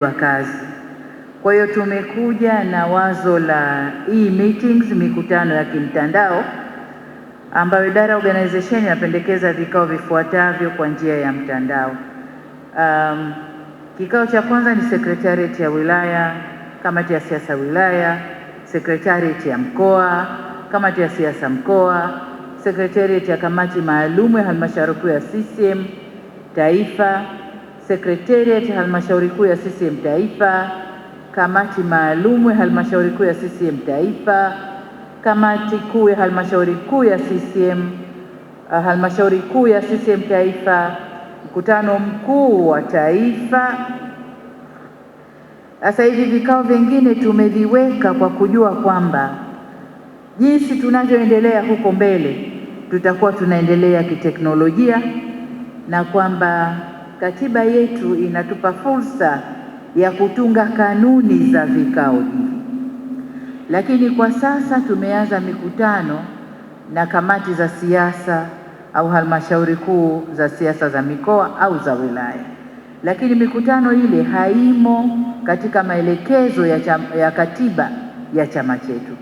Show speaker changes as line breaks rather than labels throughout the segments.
wa kazi. Kwa hiyo tumekuja na wazo la e-meetings, mikutano ya kimtandao ambayo idara ya organization inapendekeza vikao vifuatavyo kwa njia ya mtandao. Um, kikao cha kwanza ni secretariat ya wilaya, kamati ya siasa wilaya, secretariat ya mkoa, kamati ya siasa mkoa, secretariat ya kamati maalumu ya halmashauri kuu ya CCM taifa Sekretariat ya halmashauri kuu ya CCM Taifa, kamati maalum ya halmashauri kuu ya CCM Taifa, kamati kuu ya halmashauri kuu ya CCM uh, halmashauri kuu ya CCM Taifa, mkutano mkuu wa taifa. Sasa hivi vikao vingine tumeviweka kwa kujua kwamba jinsi tunavyoendelea huko mbele tutakuwa tunaendelea kiteknolojia na kwamba katiba yetu inatupa fursa ya kutunga kanuni za vikao hivi, lakini kwa sasa tumeanza mikutano na kamati za siasa au halmashauri kuu za siasa za mikoa au za wilaya, lakini mikutano ile haimo katika maelekezo ya, cham, ya katiba ya chama chetu.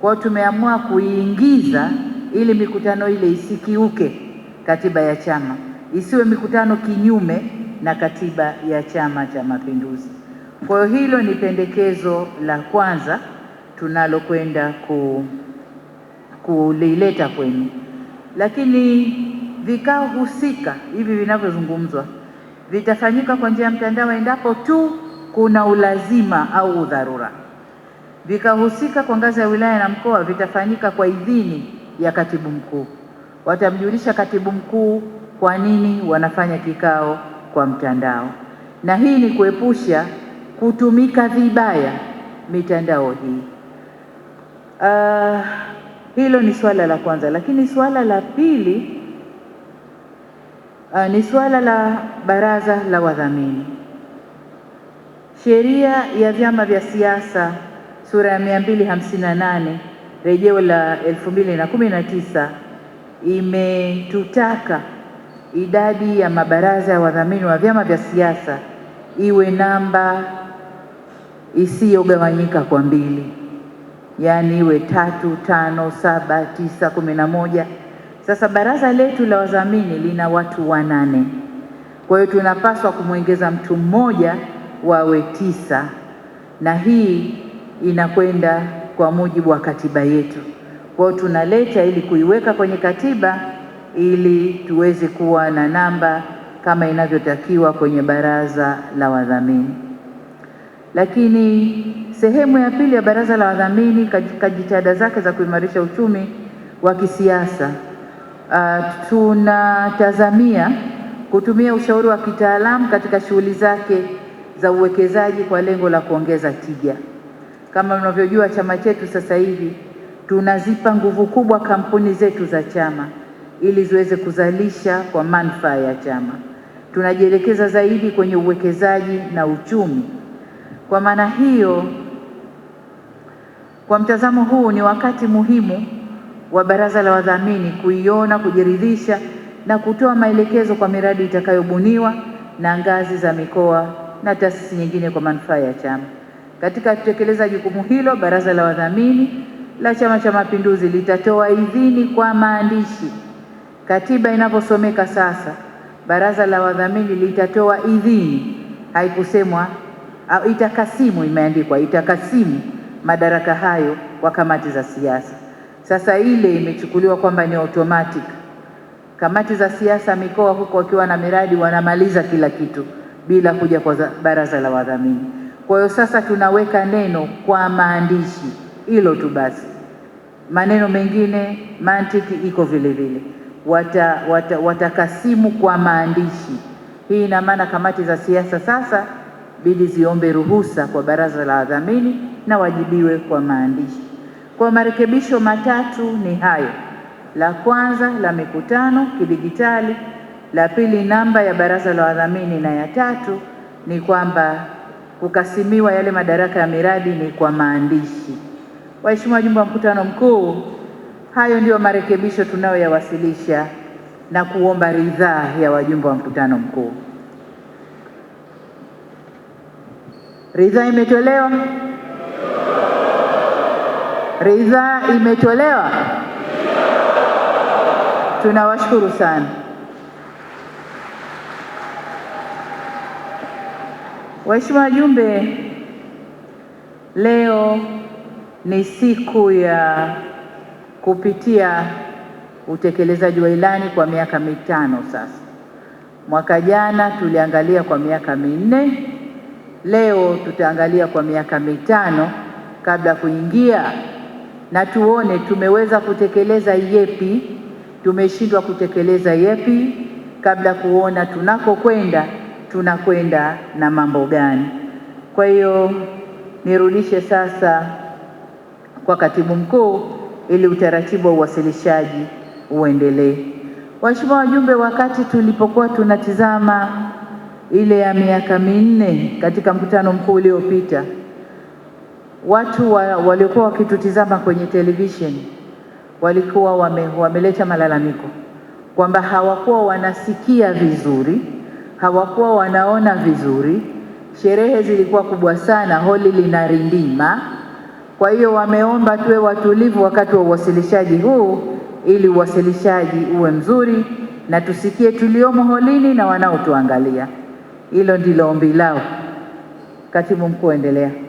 Kwa hiyo tumeamua kuiingiza ili mikutano ile isikiuke katiba ya chama isiwe mikutano kinyume na katiba ya Chama cha Mapinduzi. Kwa hiyo hilo ni pendekezo la kwanza tunalokwenda ku kulileta kwenu, lakini vikao husika hivi vinavyozungumzwa vitafanyika kwa njia ya mtandao endapo tu kuna ulazima au udharura. Vikao husika kwa ngazi ya wilaya na mkoa vitafanyika kwa idhini ya katibu mkuu. Watamjulisha katibu mkuu kwa nini wanafanya kikao kwa mtandao, na hii ni kuepusha kutumika vibaya mitandao hii. Uh, hilo ni swala la kwanza, lakini swala la pili uh, ni swala la baraza la wadhamini. Sheria ya vyama vya siasa sura ya 258 rejeo la 2019 imetutaka idadi ya mabaraza ya wadhamini wa vyama vya siasa iwe namba isiyogawanyika kwa mbili, yaani iwe tatu, tano, saba, tisa, kumi na moja. Sasa baraza letu la wadhamini lina watu wanane, kwa hiyo tunapaswa kumwongeza mtu mmoja wawe tisa, na hii inakwenda kwa mujibu wa katiba yetu. Kwa hiyo tunaleta ili kuiweka kwenye katiba ili tuweze kuwa na namba kama inavyotakiwa kwenye baraza la wadhamini. Lakini sehemu ya pili ya baraza la wadhamini katika jitihada zake za kuimarisha uchumi wa kisiasa, uh, tunatazamia kutumia ushauri wa kitaalamu katika shughuli zake za uwekezaji kwa lengo la kuongeza tija. Kama mnavyojua, chama chetu sasa hivi tunazipa nguvu kubwa kampuni zetu za chama ili ziweze kuzalisha kwa manufaa ya chama. Tunajielekeza zaidi kwenye uwekezaji na uchumi. Kwa maana hiyo, kwa mtazamo huu, ni wakati muhimu wa baraza la wadhamini kuiona, kujiridhisha na kutoa maelekezo kwa miradi itakayobuniwa na ngazi za mikoa na taasisi nyingine kwa manufaa ya chama. Katika kutekeleza jukumu hilo, baraza la wadhamini la Chama cha Mapinduzi litatoa idhini kwa maandishi Katiba inavyosomeka sasa, baraza la wadhamini litatoa idhini, haikusemwa itakasimu, imeandikwa itakasimu madaraka hayo kwa kamati za siasa. Sasa ile imechukuliwa kwamba ni automatic. Kamati za siasa mikoa huko wakiwa na miradi wanamaliza kila kitu bila kuja kwa baraza la wadhamini. Kwa hiyo sasa tunaweka neno kwa maandishi, hilo tu basi, maneno mengine mantiki iko vile vile wata, wata, watakasimu kwa maandishi. Hii ina maana kamati za siasa sasa bidi ziombe ruhusa kwa baraza la wadhamini na wajibiwe kwa maandishi. Kwa marekebisho matatu ni hayo: la kwanza la mikutano kidigitali, la pili namba ya baraza la wadhamini, na ya tatu ni kwamba kukasimiwa yale madaraka ya miradi ni kwa maandishi. Waheshimiwa wajumbe wa mkutano mkuu Hayo ndiyo marekebisho tunayoyawasilisha na kuomba ridhaa ya wajumbe wa mkutano mkuu. Ridhaa imetolewa? Ridhaa imetolewa? Tunawashukuru sana. Waheshimiwa wajumbe, leo ni siku ya kupitia utekelezaji wa ilani kwa miaka mitano sasa. Mwaka jana tuliangalia kwa miaka minne, leo tutaangalia kwa miaka mitano kabla ya kuingia na tuone tumeweza kutekeleza yepi, tumeshindwa kutekeleza yepi, kabla kuona tunakokwenda tunakwenda na mambo gani. Kwa hiyo nirudishe sasa kwa katibu mkuu ili utaratibu wa uwasilishaji uendelee. Waheshimiwa wajumbe, wakati tulipokuwa tunatizama ile ya miaka minne katika mkutano mkuu uliopita, watu wa, waliokuwa wakitutizama kwenye televisheni walikuwa wame, wameleta malalamiko kwamba hawakuwa wanasikia vizuri, hawakuwa wanaona vizuri, sherehe zilikuwa kubwa sana, holi linarindima kwa hiyo wameomba tuwe watulivu wakati wa uwasilishaji huu ili uwasilishaji uwe mzuri na tusikie tuliomo holini na wanaotuangalia. Hilo ndilo ombi lao. Katibu Mkuu, endelea.